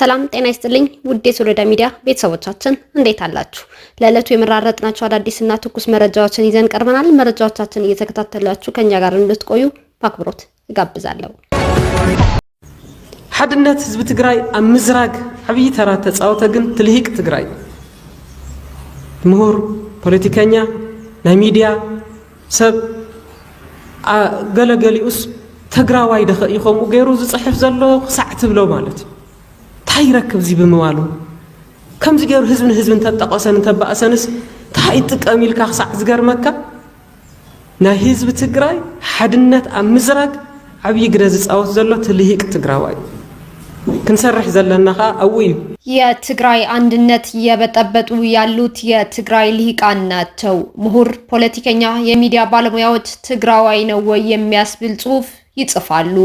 ሰላም ጤና ይስጥልኝ ውዴ የሶሎዳ ሚዲያ ቤተሰቦቻችን እንዴት አላችሁ? ለዕለቱ የመራረጥናቸው አዳዲስና ትኩስ መረጃዎችን ይዘን ቀርበናል። መረጃዎቻችን እየተከታተላችሁ ከኛ ጋር እንድትቆዩ በአክብሮት እጋብዛለሁ። ሓድነት ህዝቢ ትግራይ ኣብ ምዝራግ ዓብይ ተራ ተፃወተ። ግን ትልሂቅ ትግራይ ምሁር፣ ፖለቲከኛ፣ ናይ ሚድያ ሰብ ገለገሊኡስ ተግራዋይ ደኸ እዩ ገይሩ ዝፅሕፍ ዘሎ ክሳዕ ትብሎ ማለት እዩ እንታይ ይረክብ እዚ ብምባሉ ከምዚ ገይሩ ህዝብን ህዝብን እንተጠቐሰን እንተባእሰንስ እንታይ ይጥቀም ኢልካ ክሳዕ ዝገርመካ ናይ ህዝቢ ትግራይ ሓድነት ኣብ ምዝራግ ዓብዪ ግደ ዝፃወት ዘሎ ትልሂቅ ትግራዋ እዩ ክንሰርሕ ዘለና ከዓ ኣብኡ እዩ። የትግራይ አንድነት እየበጠበጡ ያሉት የትግራይ ልሂቃን ናቸው። ምሁር፣ ፖለቲከኛ፣ የሚዲያ ባለሙያዎች ትግራዋይ ነው ወይ የሚያስብል ጽሁፍ ይጽፋሉ።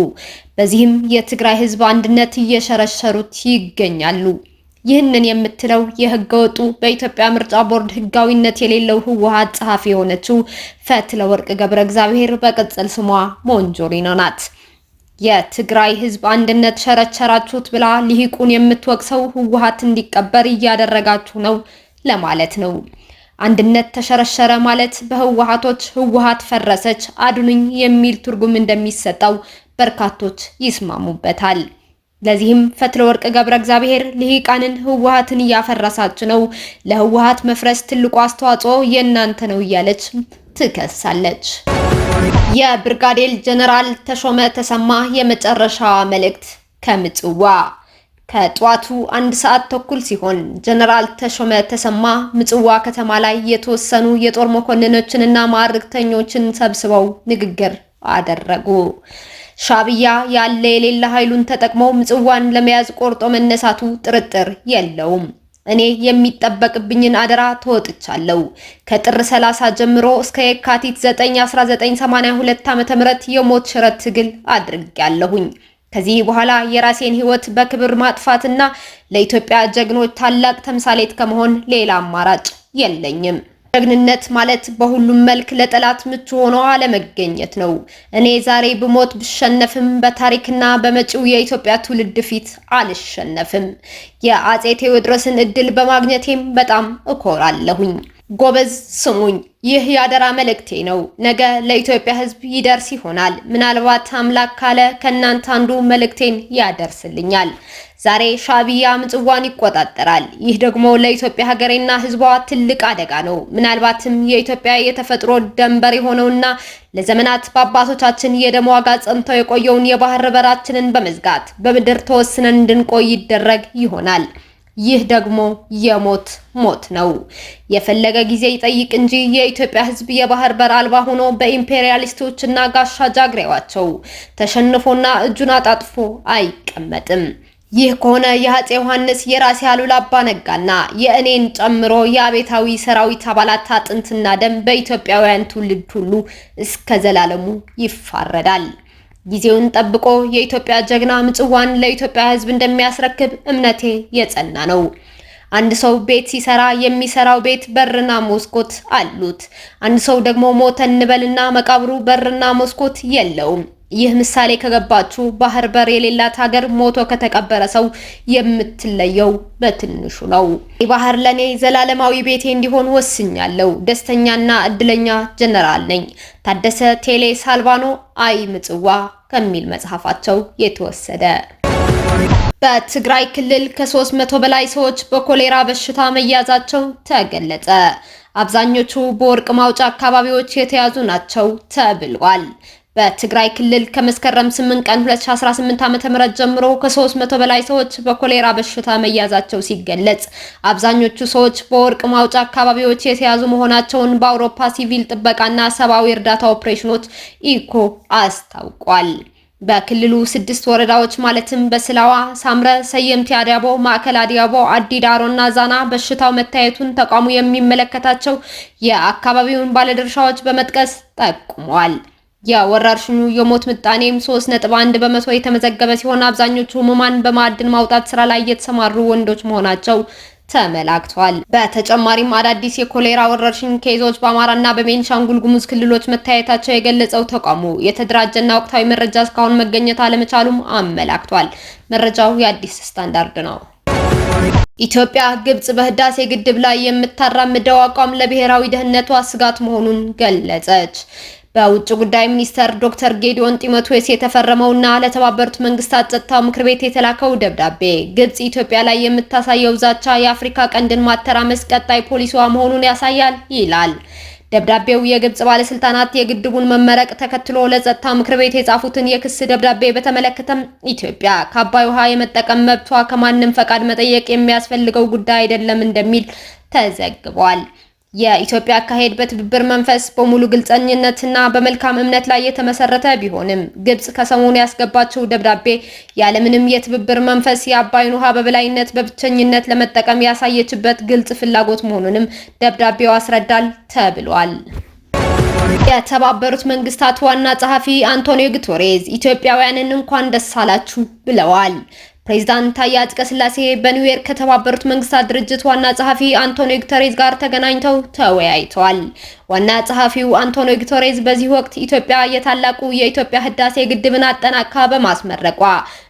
በዚህም የትግራይ ህዝብ አንድነት እየሸረሸሩት ይገኛሉ። ይህንን የምትለው የህገ ወጡ በኢትዮጵያ ምርጫ ቦርድ ህጋዊነት የሌለው ህወሀት ጸሐፊ የሆነችው ፈትለወርቅ ገብረ እግዚአብሔር በቅጽል ስሟ ሞንጆሪኖ ናት። የትግራይ ህዝብ አንድነት ሸረቸራችሁት ብላ ሊሂቁን የምትወቅሰው ህወሓት እንዲቀበር እያደረጋችሁ ነው ለማለት ነው። አንድነት ተሸረሸረ ማለት በህወሓቶች ህወሓት ፈረሰች አድኑኝ የሚል ትርጉም እንደሚሰጠው በርካቶች ይስማሙበታል። ለዚህም ፈትለ ወርቅ ገብረ እግዚአብሔር ልሂቃንን ህወሓትን እያፈረሳች ነው፣ ለህወሓት መፍረስ ትልቁ አስተዋጽኦ የእናንተ ነው እያለች ትከሳለች። የብርጋዴር ጀነራል ተሾመ ተሰማ የመጨረሻ መልእክት ከምጽዋ ከጧቱ አንድ ሰዓት ተኩል ሲሆን ጀነራል ተሾመ ተሰማ ምጽዋ ከተማ ላይ የተወሰኑ የጦር መኮንኖችንና ማዕረግተኞችን ሰብስበው ንግግር አደረጉ። ሻዕቢያ ያለ የሌለ ኃይሉን ተጠቅመው ምጽዋን ለመያዝ ቆርጦ መነሳቱ ጥርጥር የለውም። እኔ የሚጠበቅብኝን አደራ ተወጥቻለሁ። ከጥር 30 ጀምሮ እስከ የካቲት 9 1982 ዓ.ም የሞት ሽረት ትግል አድርጌያለሁኝ። ከዚህ በኋላ የራሴን ህይወት በክብር ማጥፋትና ለኢትዮጵያ ጀግኖች ታላቅ ተምሳሌት ከመሆን ሌላ አማራጭ የለኝም። ጀግንነት ማለት በሁሉም መልክ ለጠላት ምቹ ሆኖ አለመገኘት ነው። እኔ ዛሬ ብሞት ብሸነፍም በታሪክና በመጪው የኢትዮጵያ ትውልድ ፊት አልሸነፍም። የአጼ ቴዎድሮስን እድል በማግኘቴም በጣም እኮራለሁኝ። ጎበዝ ስሙኝ፣ ይህ የአደራ መልእክቴ ነው። ነገ ለኢትዮጵያ ሕዝብ ይደርስ ይሆናል። ምናልባት አምላክ ካለ ከእናንተ አንዱ መልእክቴን ያደርስልኛል። ዛሬ ሻዕቢያ ምጽዋን ይቆጣጠራል። ይህ ደግሞ ለኢትዮጵያ ሀገሬና ሕዝቧ ትልቅ አደጋ ነው። ምናልባትም የኢትዮጵያ የተፈጥሮ ደንበር የሆነውና ለዘመናት በአባቶቻችን የደም ዋጋ ጸንተው የቆየውን የባህር በራችንን በመዝጋት በምድር ተወስነን እንድንቆይ ይደረግ ይሆናል። ይህ ደግሞ የሞት ሞት ነው። የፈለገ ጊዜ ይጠይቅ እንጂ የኢትዮጵያ ሕዝብ የባህር በር አልባ ሆኖ በኢምፔሪያሊስቶችና ጋሻ ጃግሬዋቸው ተሸንፎና እጁን አጣጥፎ አይቀመጥም። ይህ ከሆነ የአፄ ዮሐንስ የራሴ አሉላ አባ ነጋና የእኔን ጨምሮ የአቤታዊ ሰራዊት አባላት አጥንትና ደም በኢትዮጵያውያን ትውልድ ሁሉ እስከ ዘላለሙ ይፋረዳል። ጊዜውን ጠብቆ የኢትዮጵያ ጀግና ምጽዋን ለኢትዮጵያ ሕዝብ እንደሚያስረክብ እምነቴ የጸና ነው። አንድ ሰው ቤት ሲሰራ የሚሰራው ቤት በርና መስኮት አሉት። አንድ ሰው ደግሞ ሞተ እንበልና መቃብሩ በርና መስኮት የለውም። ይህ ምሳሌ ከገባችሁ ባህር በር የሌላት ሀገር ሞቶ ከተቀበረ ሰው የምትለየው በትንሹ ነው። ባህር ለኔ ዘላለማዊ ቤቴ እንዲሆን ወስኛለሁ። ደስተኛና እድለኛ ጀነራል ነኝ። ታደሰ ቴሌ ሳልቫኖ አይ ምጽዋ ከሚል መጽሐፋቸው የተወሰደ። በትግራይ ክልል ከ መቶ በላይ ሰዎች በኮሌራ በሽታ መያዛቸው ተገለጸ። አብዛኞቹ በወርቅ ማውጫ አካባቢዎች የተያዙ ናቸው ተብሏል። በትግራይ ክልል ከመስከረም 8 ቀን 2018 ዓ.ም ጀምሮ ከ300 በላይ ሰዎች በኮሌራ በሽታ መያዛቸው ሲገለጽ አብዛኞቹ ሰዎች በወርቅ ማውጫ አካባቢዎች የተያዙ መሆናቸውን በአውሮፓ ሲቪል ጥበቃና ሰብአዊ እርዳታ ኦፕሬሽኖች ኢኮ አስታውቋል። በክልሉ ስድስት ወረዳዎች ማለትም በስላዋ፣ ሳምረ፣ ሰየምቲ አዲያቦ ማዕከል አዲያቦ፣ አዲዳሮ እና ዛና በሽታው መታየቱን ተቋሙ የሚመለከታቸው የአካባቢውን ባለድርሻዎች በመጥቀስ ጠቁሟል። የወረርሽኙ የሞት ምጣኔም 3.1 በመቶ የተመዘገበ ሲሆን አብዛኞቹ ህሙማን በማዕድን ማውጣት ስራ ላይ የተሰማሩ ወንዶች መሆናቸው ተመላክቷል። በተጨማሪም አዳዲስ የኮሌራ ወረርሽኝ ኬዞች በአማራና በቤንሻንጉል ጉሙዝ ክልሎች መታየታቸው የገለጸው ተቋሙ የተደራጀና ወቅታዊ መረጃ እስካሁን መገኘት አለመቻሉም አመላክቷል። መረጃው የአዲስ ስታንዳርድ ነው። ኢትዮጵያ ግብጽ በህዳሴ ግድብ ላይ የምታራምደው አቋም ለብሔራዊ ደህንነቷ ስጋት መሆኑን ገለጸች። በውጭ ጉዳይ ሚኒስተር ዶክተር ጌዲዮን ጢሞቴዎስ የተፈረመውና ለተባበሩት መንግስታት ጸጥታው ምክር ቤት የተላከው ደብዳቤ ግብጽ ኢትዮጵያ ላይ የምታሳየው ዛቻ የአፍሪካ ቀንድን ማተራመስ ቀጣይ ፖሊሲዋ መሆኑን ያሳያል ይላል። ደብዳቤው የግብጽ ባለስልጣናት የግድቡን መመረቅ ተከትሎ ለጸጥታ ምክር ቤት የጻፉትን የክስ ደብዳቤ በተመለከተም ኢትዮጵያ ከአባይ ውሃ የመጠቀም መብቷ ከማንም ፈቃድ መጠየቅ የሚያስፈልገው ጉዳይ አይደለም እንደሚል ተዘግቧል። የኢትዮጵያ አካሄድ በትብብር መንፈስ በሙሉ ግልጸኝነትና በመልካም እምነት ላይ የተመሰረተ ቢሆንም ግብጽ ከሰሞኑ ያስገባቸው ደብዳቤ ያለምንም የትብብር መንፈስ የአባይን ውሃ በበላይነት በብቸኝነት ለመጠቀም ያሳየችበት ግልጽ ፍላጎት መሆኑንም ደብዳቤው አስረዳል ተብሏል። የተባበሩት መንግስታት ዋና ጸሐፊ አንቶኒዮ ግቶሬዝ ኢትዮጵያውያንን እንኳን ደስ አላችሁ ብለዋል። ፕሬዚዳንት ታዬ አጽቀሥላሴ በኒውዮርክ ከተባበሩት መንግስታት ድርጅት ዋና ጸሐፊ አንቶኒዮ ጉተሬዝ ጋር ተገናኝተው ተወያይተዋል። ዋና ጸሐፊው አንቶኒዮ ጉተሬዝ በዚህ ወቅት ኢትዮጵያ የታላቁ የኢትዮጵያ ህዳሴ ግድብን አጠናካ በማስመረቋ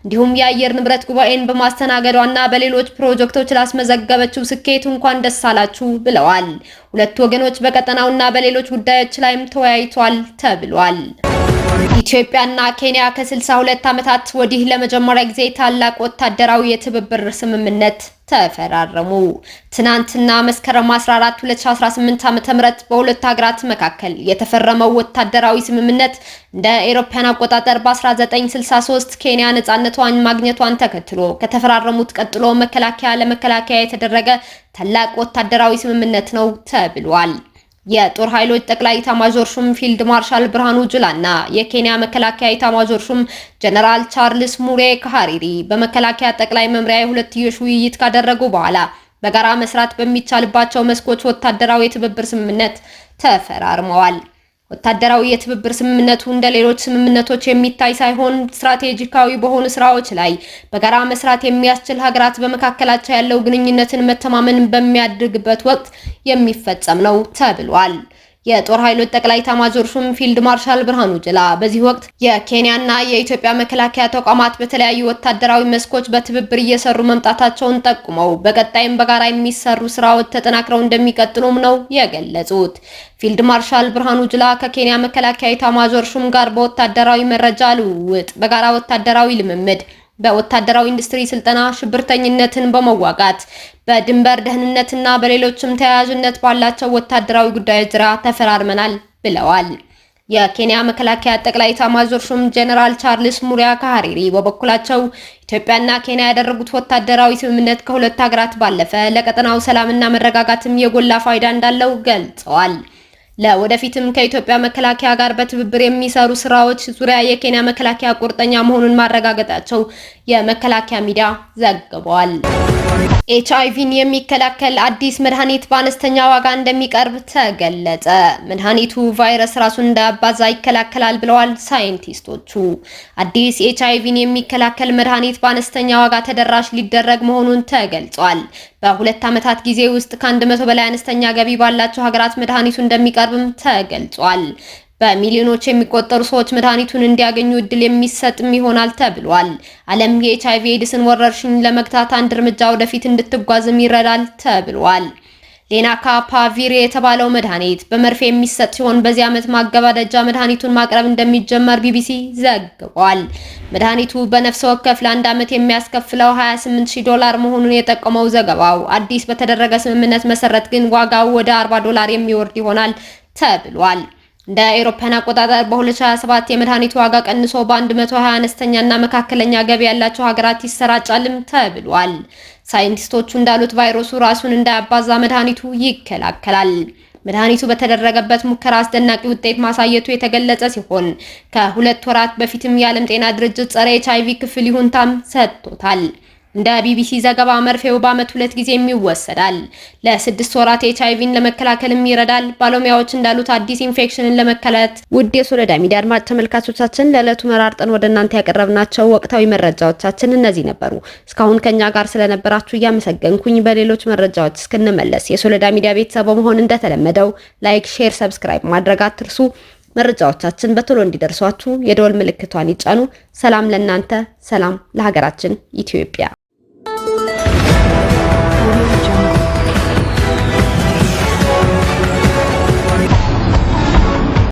እንዲሁም የአየር ንብረት ጉባኤን በማስተናገዷና በሌሎች ፕሮጀክቶች ላስመዘገበችው ስኬት እንኳን ደስ አላችሁ ብለዋል። ሁለቱ ወገኖች በቀጠናውና በሌሎች ጉዳዮች ላይም ተወያይቷል ተብሏል። ኢትዮጵያና ኬንያ ከ62 ዓመታት ወዲህ ለመጀመሪያ ጊዜ ታላቅ ወታደራዊ የትብብር ስምምነት ተፈራረሙ። ትናንትና መስከረም 14 2018 ዓ.ም በሁለቱ ሀገራት መካከል የተፈረመው ወታደራዊ ስምምነት እንደ አውሮፓውያን አቆጣጠር በ1963 ኬንያ ነፃነቷን ማግኘቷን ተከትሎ ከተፈራረሙት ቀጥሎ መከላከያ ለመከላከያ የተደረገ ታላቅ ወታደራዊ ስምምነት ነው ተብሏል። የጦር ኃይሎች ጠቅላይ ኢታማዦር ሹም ፊልድ ማርሻል ብርሃኑ ጁላና የኬንያ መከላከያ ኢታማዦር ሹም ጀነራል ቻርልስ ሙሬ ካሃሪሪ በመከላከያ ጠቅላይ መምሪያ የሁለትዮሽ ውይይት ካደረጉ በኋላ በጋራ መስራት በሚቻልባቸው መስኮች ወታደራዊ የትብብር ስምምነት ተፈራርመዋል። ወታደራዊ የትብብር ስምምነቱ እንደ ሌሎች ስምምነቶች የሚታይ ሳይሆን ስትራቴጂካዊ በሆኑ ስራዎች ላይ በጋራ መስራት የሚያስችል ሀገራት በመካከላቸው ያለው ግንኙነትን መተማመን በሚያድግበት ወቅት የሚፈጸም ነው ተብሏል። የጦር ኃይሎች ጠቅላይ ኤታማዦር ሹም ፊልድ ማርሻል ብርሃኑ ጅላ በዚህ ወቅት የኬንያና የኢትዮጵያ መከላከያ ተቋማት በተለያዩ ወታደራዊ መስኮች በትብብር እየሰሩ መምጣታቸውን ጠቁመው በቀጣይም በጋራ የሚሰሩ ስራዎች ተጠናክረው እንደሚቀጥሉም ነው የገለጹት። ፊልድ ማርሻል ብርሃኑ ጅላ ከኬንያ መከላከያ ኤታማዦር ሹም ጋር በወታደራዊ መረጃ ልውውጥ፣ በጋራ ወታደራዊ ልምምድ በወታደራዊ ኢንዱስትሪ ስልጠና፣ ሽብርተኝነትን በመዋጋት በድንበር ደህንነትና በሌሎችም ተያያዥነት ባላቸው ወታደራዊ ጉዳዮች ዙሪያ ተፈራርመናል ብለዋል። የኬንያ መከላከያ ጠቅላይ ኤታማዦር ሹም ጄኔራል ቻርልስ ሙሪያ ካሃሪሪ በበኩላቸው ኢትዮጵያና ኬንያ ያደረጉት ወታደራዊ ስምምነት ከሁለት ሀገራት ባለፈ ለቀጠናው ሰላምና መረጋጋትም የጎላ ፋይዳ እንዳለው ገልጸዋል። ለወደፊትም ከኢትዮጵያ መከላከያ ጋር በትብብር የሚሰሩ ስራዎች ዙሪያ የኬንያ መከላከያ ቁርጠኛ መሆኑን ማረጋገጣቸው የመከላከያ ሚዲያ ዘግቧል። ኤችአይቪን የሚከላከል አዲስ መድኃኒት በአነስተኛ ዋጋ እንደሚቀርብ ተገለጸ። መድኃኒቱ ቫይረስ ራሱን እንዳያባዛ ይከላከላል ብለዋል ሳይንቲስቶቹ። አዲስ ኤች የሚከላከል መድኃኒት በአነስተኛ ዋጋ ተደራሽ ሊደረግ መሆኑን ተገልጿል። በሁለት ዓመታት ጊዜ ውስጥ ከአንድ መቶ በላይ አነስተኛ ገቢ ባላቸው ሀገራት መድኃኒቱ እንደሚቀርብ እንደሚቀርብም ተገልጿል። በሚሊዮኖች የሚቆጠሩ ሰዎች መድኃኒቱን እንዲያገኙ እድል የሚሰጥም ይሆናል ተብሏል። ዓለም የኤች አይቪ ኤድስን ወረርሽኝ ለመግታት አንድ እርምጃ ወደፊት እንድትጓዝም ይረዳል ተብሏል። ሌናካፓቪር የተባለው መድኃኒት በመርፌ የሚሰጥ ሲሆን በዚህ ዓመት ማገባደጃ መድኃኒቱን ማቅረብ እንደሚጀመር ቢቢሲ ዘግቧል። መድኃኒቱ በነፍስ ወከፍ ለአንድ ዓመት የሚያስከፍለው 28000 ዶላር መሆኑን የጠቆመው ዘገባው አዲስ በተደረገ ስምምነት መሰረት ግን ዋጋው ወደ 40 ዶላር የሚወርድ ይሆናል ተብሏል። እንደ አውሮፓውያን አቆጣጠር በ2027 የመድኃኒት ዋጋ ቀንሶ በ120 አነስተኛና መካከለኛ ገቢ ያላቸው ሀገራት ይሰራጫልም ተብሏል። ሳይንቲስቶቹ እንዳሉት ቫይረሱ ራሱን እንዳያባዛ መድኃኒቱ ይከላከላል። መድኃኒቱ በተደረገበት ሙከራ አስደናቂ ውጤት ማሳየቱ የተገለጸ ሲሆን ከሁለት ወራት በፊትም የዓለም ጤና ድርጅት ጸረ ኤች አይቪ ክፍል ይሁንታም ሰጥቶታል። እንደ ቢቢሲ ዘገባ መርፌው በአመት ሁለት ጊዜም ይወሰዳል። ለስድስት ወራት ኤች አይቪን ለመከላከልም ይረዳል። ባለሙያዎች እንዳሉት አዲስ ኢንፌክሽንን ለመከላት ውድ የሶለዳ ሚዲያ አድማጭ ተመልካቾቻችን ለዕለቱ መራርጠን ወደ እናንተ ያቀረብናቸው ወቅታዊ መረጃዎቻችን እነዚህ ነበሩ። እስካሁን ከኛ ጋር ስለነበራችሁ እያመሰገንኩኝ በሌሎች መረጃዎች እስክንመለስ የሶለዳ ሚዲያ ቤተሰብ መሆን እንደተለመደው ላይክ፣ ሼር፣ ሰብስክራይብ ማድረግ አትርሱ። መረጃዎቻችን በቶሎ እንዲደርሷችሁ የደወል ምልክቷን ይጫኑ። ሰላም ለእናንተ፣ ሰላም ለሀገራችን ኢትዮጵያ።